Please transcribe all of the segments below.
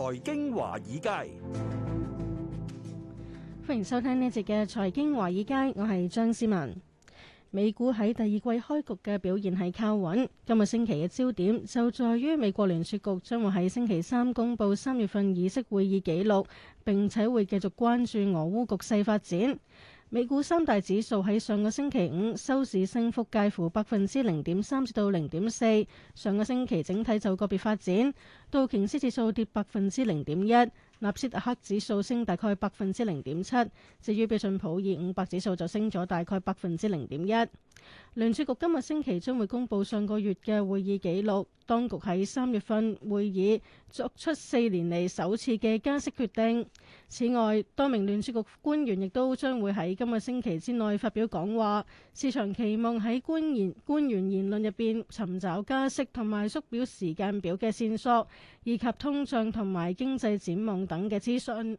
財經華爾街，歡迎收聽呢一節嘅財經華爾街，我係張思文。美股喺第二季開局嘅表現係靠穩，今個星期嘅焦點就在於美國聯儲局將會喺星期三公布三月份議息會議紀錄，並且會繼續關注俄烏局勢發展。美股三大指數喺上個星期五收市升幅介乎百分之零點三至到零點四，上個星期整體就個別發展。道瓊斯指數跌百分之零點一，納斯達克指數升大概百分之零點七，至於標準普爾五百指數就升咗大概百分之零點一。聯儲局今日星期中會公佈上個月嘅會議記錄，當局喺三月份會議作出四年嚟首次嘅加息決定。此外，多名聯儲局官員亦都將會喺今個星期之內發表講話，市場期望喺官言官員言論入邊尋找加息同埋縮表時間表嘅線索，以及通脹同埋經濟展望等嘅資訊。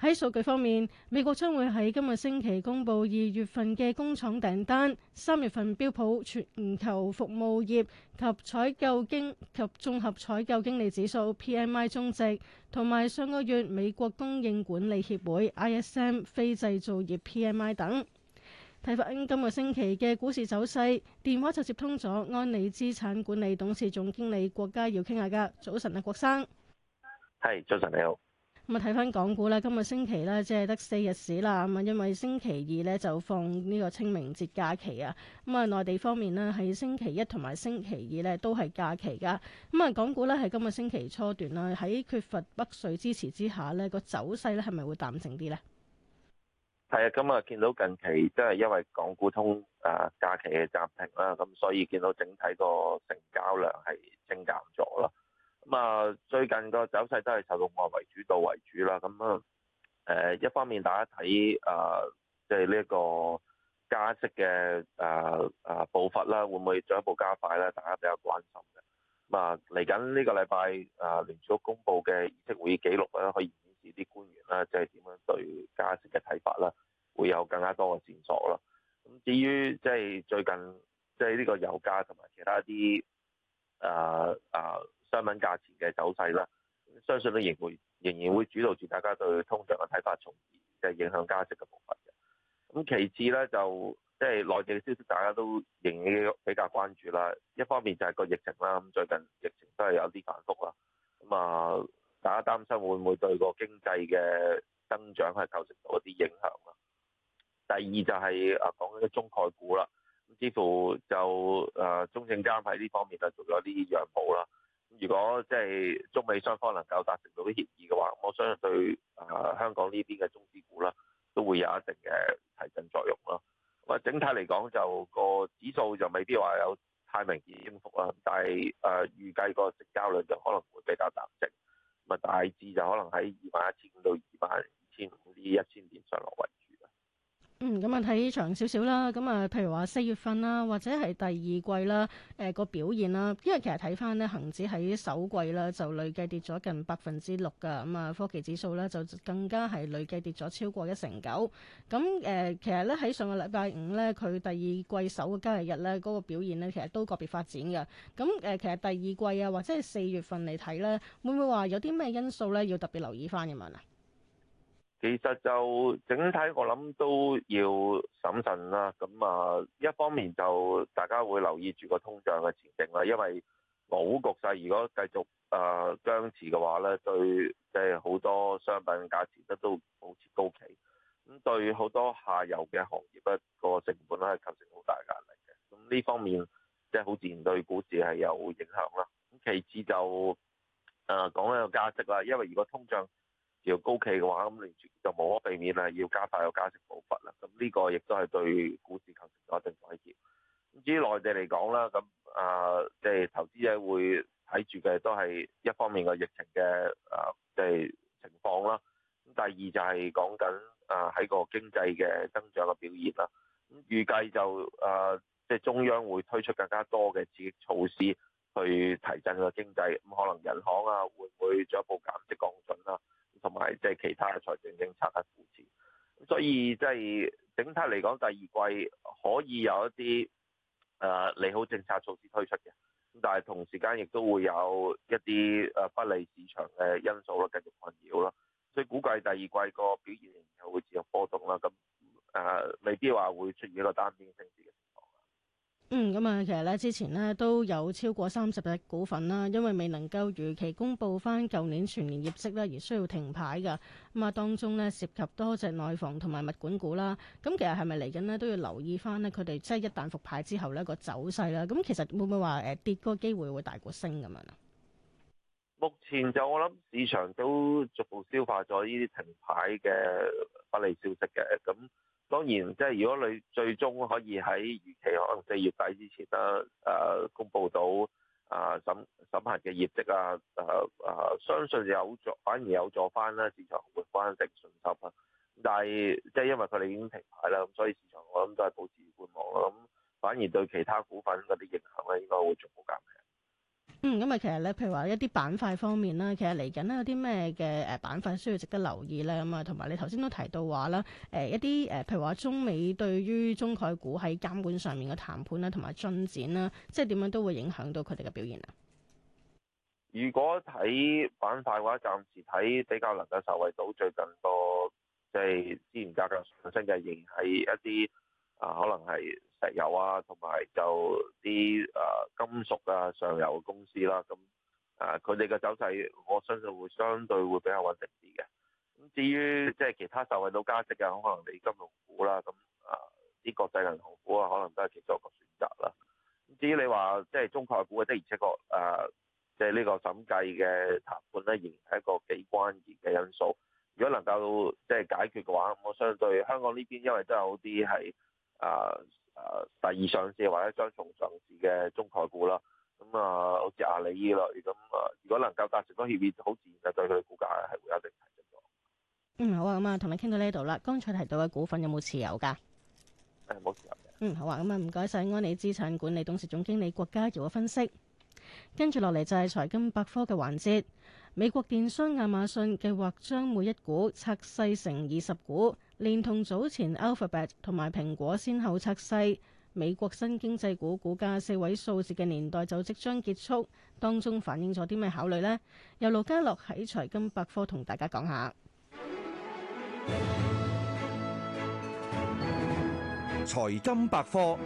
喺數據方面，美國將會喺今個星期公布二月份嘅工廠訂單、三月份標普全球服務業及採購經及綜合採購經理指數 PMI 中值，同埋上個月美國供應管理協會 ISM 非製造業 PMI 等。睇翻今個星期嘅股市走勢，電話就接通咗安理資產管理董事總經理郭家耀傾下噶。早晨啊，郭生，係、hey, 早晨，你好。咁啊，睇翻港股咧，今個星期咧，即係得四日市啦。咁啊，因為星期二咧就放呢個清明節假期啊。咁啊，內地方面呢，喺星期一同埋星期二咧都係假期噶。咁啊，港股咧係今個星期初段啦，喺缺乏北水支持之下咧，個走勢咧係咪會淡靜啲呢？係啊，咁啊，見到近期即係因為港股通啊假期嘅暫停啦，咁所以見到整體個成交量係增減咗咯。咁啊，最近個走勢都係受到外圍主導為主啦。咁啊，誒一方面大家睇啊，即係呢一個加息嘅誒誒步伐啦，會唔會進一步加快咧？大家比較關心嘅。啊、嗯，嚟緊呢個禮拜啊，聯儲局公布嘅議息會議記錄咧，可以顯示啲官員啦，即係點樣對加息嘅睇法啦，會有更加多嘅線索啦。咁至於即係、就是、最近即係呢個油價同埋其他啲誒誒。呃呃商品價錢嘅走勢啦，相信都仍會仍然會主導住大家對通脹嘅睇法，從而嘅影響價值嘅部分嘅。咁其次咧就即係、就是、內地嘅消息，大家都仍然比較關注啦。一方面就係個疫情啦，咁最近疫情都係有啲反覆啦。咁啊，大家擔心會唔會對個經濟嘅增長係構成到一啲影響啦。第二就係、是、啊講緊啲中概股啦，咁似乎就誒、啊、中證監喺呢方面啊做咗啲讓步啦。如果即係中美雙方能夠達成到啲協議嘅話，我相信對啊香港呢邊嘅中資股啦，都會有一定嘅提振作用咯。咁啊，整體嚟講，就、那個指數就未必話有太明顯升幅啦，但係誒、呃、預計個成交量就可能會比較淡靜，咁啊大致就可能喺二萬一千五到二萬二千五呢一千點上落位。嗯，咁啊睇長少少啦，咁啊，譬如話四月份啦，或者係第二季啦，誒、呃、個表現啦，因為其實睇返呢恒指喺首季啦就累計跌咗近百分之六㗎，咁啊、嗯、科技指數呢，就更加係累計跌咗超過一成九。咁誒、嗯呃，其實咧喺上個禮拜五呢，佢第二季首個交易日呢嗰、那個表現呢，其實都個別發展嘅。咁、嗯、誒、呃，其實第二季啊，或者係四月份嚟睇呢，會唔會話有啲咩因素咧要特別留意返咁樣啊？其實就整體，我諗都要審慎啦。咁啊，一方面就大家會留意住個通脹嘅前景啦，因為俄烏局勢如果繼續啊、呃、僵持嘅話咧，對即係好多商品價錢咧都保持高企，咁對好多下游嘅行業個成本咧係構成好大壓力嘅。咁呢方面即係好自然對股市係有影響啦。咁其次就誒、呃、講緊個價值啦，因為如果通脹要高企嘅話，咁完全就無可避免係要加快個加息步伐啦。咁呢個亦都係對股市構成咗一定威脅。咁至於內地嚟講啦，咁啊，即係投資者會睇住嘅都係一方面嘅疫情嘅啊，即係情況啦。咁第二就係講緊啊，喺個經濟嘅增長嘅表現啦。咁預計就啊，即係中央會推出更加多嘅刺激措施去提振個經濟。咁可能銀行啊，會唔會進一步減息降？即係其他嘅財政政策嘅扶持，咁所以即係整體嚟講第二季可以有一啲誒利好政策措施推出嘅，咁但係同時間亦都會有一啲誒不利市場嘅因素咯，繼續困擾咯，所以估計第二季個表現又會持續波動啦，咁誒未必話會出現一個單邊升市嘅。嗯，咁啊，其實咧之前呢都有超過三十隻股份啦，因為未能夠如期公布翻舊年全年業績啦，而需要停牌噶。咁啊，當中呢涉及多隻內房同埋物管股啦。咁其實係咪嚟緊呢都要留意翻呢？佢哋即係一旦復牌之後呢個走勢啦。咁其實會唔會話誒跌個機會會大過升咁樣啊？目前就我諗市場都逐步消化咗呢啲停牌嘅不利消息嘅，咁。當然，即係如果你最終可以喺預期可能四月底之前啦，誒、呃、公佈到啊、呃、審審核嘅業績啊，誒、呃、誒、呃，相信有助反而有助翻啦市場活翻定信心啊。但係即係因為佢哋已經停牌啦，咁所以市場我諗都係保持觀望咯。咁反而對其他股份嗰啲影響咧，應該會重。咁啊，嗯、其實咧，譬如話一啲板塊方面啦，其實嚟緊咧有啲咩嘅誒板塊需要值得留意咧？咁啊，同埋你頭先都提到話啦，誒、呃、一啲誒，譬如話中美對於中概股喺監管上面嘅談判咧，同埋進展啦，即係點樣都會影響到佢哋嘅表現啊。如果睇板塊嘅話，暫時睇比較能夠受惠到最近多，即係資源價格上升嘅，仍係一啲啊，可能係。石油啊，同埋就啲誒、呃、金屬啊，上游嘅公司啦，咁誒佢哋嘅走勢，我相信會相對會比較穩定啲嘅。咁至於即係、就是、其他受惠到加息嘅，可能你金融股啦，咁誒啲國際銀行股啊，可能都係其中一個選擇啦。至於你話即係中概股啊，的而且確誒，即係呢個審計嘅談判咧，仍然係一個幾關鍵嘅因素。如果能夠即係、就是、解決嘅話，我相對香港呢邊，因為都有啲係誒。呃誒，第二上市或者雙重上市嘅中概股啦，咁啊，好似阿里依類，咁啊，如果能夠達成個協議，好自然就對佢嘅股價係會有一定提升咗。嗯，好啊，咁、嗯、啊，同你傾到呢度啦。剛才提到嘅股份有冇持有噶？誒、欸，冇持有嘅。嗯，好啊，咁、嗯、啊，唔該晒安理資產管理董事總經理郭家耀嘅分析。跟住落嚟就係財金百科嘅環節。美國電商亞馬遜計劃將每一股拆細成二十股。連同早前 Alphabet 同埋蘋果先後拆細，美國新經濟股股價四位數字嘅年代就即將結束，當中反映咗啲咩考慮呢？由盧嘉樂喺財金百科同大家講下。財金百科。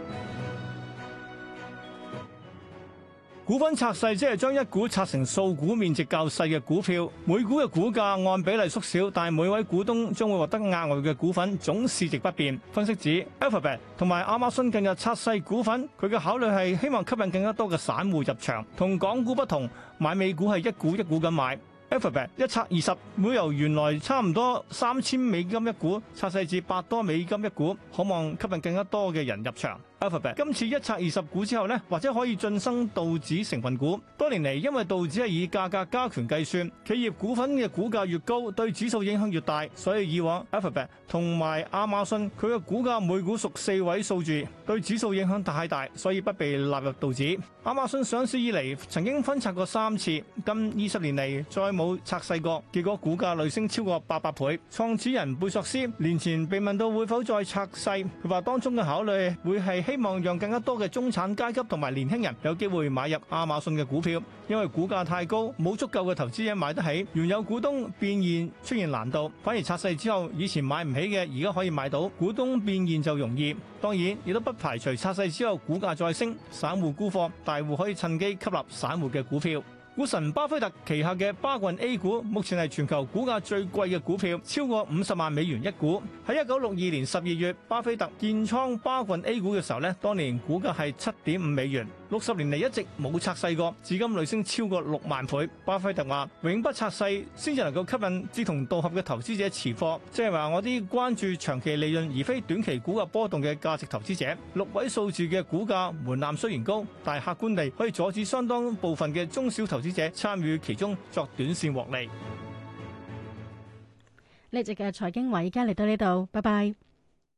股份拆細即係將一股拆成數股面積較細嘅股票，每股嘅股價按比例縮小，但係每位股東將會獲得額外嘅股份，總市值不變。分析指，Alphabet 同埋亞馬遜近日拆細股份，佢嘅考慮係希望吸引更加多嘅散戶入場。同港股不同，買美股係一股一股咁買。Alphabet 一拆二十，會由原來差唔多三千美金一股拆細至百多美金一股，可望吸引更加多嘅人入場。Alphabet 今次一拆二十股之後呢，或者可以晉升道指成分股。多年嚟因為道指係以價格加權計算，企業股份嘅股價越高，對指數影響越大，所以以往 Alphabet 同埋亞馬遜佢嘅股價每股屬四位數字，對指數影響太大，所以不被納入道指。亞馬遜上市以嚟曾經分拆過三次，近二十年嚟再冇拆細過，結果股價累升超過八百倍。創始人貝索斯年前被問到會否再拆細，佢話當中嘅考慮會係希望讓更加多嘅中產階級同埋年輕人有機會買入亞馬遜嘅股票，因為股價太高，冇足夠嘅投資者買得起。原有股東變現出現難度，反而拆細之後，以前買唔起嘅而家可以買到，股東變現就容易。當然，亦都不排除拆細之後股價再升，散戶沽貨，大戶可以趁機吸納散戶嘅股票。股神巴菲特旗下嘅巴郡 A 股，目前係全球股價最貴嘅股票，超過五十萬美元一股。喺一九六二年十二月，巴菲特建倉巴郡 A 股嘅時候咧，當年股價係七點五美元。六十年嚟一直冇拆細過，至今累升超過六萬倍。巴菲特話：永不拆細，先至能夠吸引志同道合嘅投資者持貨。即係話我啲關注長期利潤，而非短期股價波動嘅價值投資者。六位數字嘅股價門檻雖然高，但係客觀地可以阻止相當部分嘅中小投資者參與其中，作短線獲利。呢一集嘅財經華爾街，而家嚟到呢度，拜拜。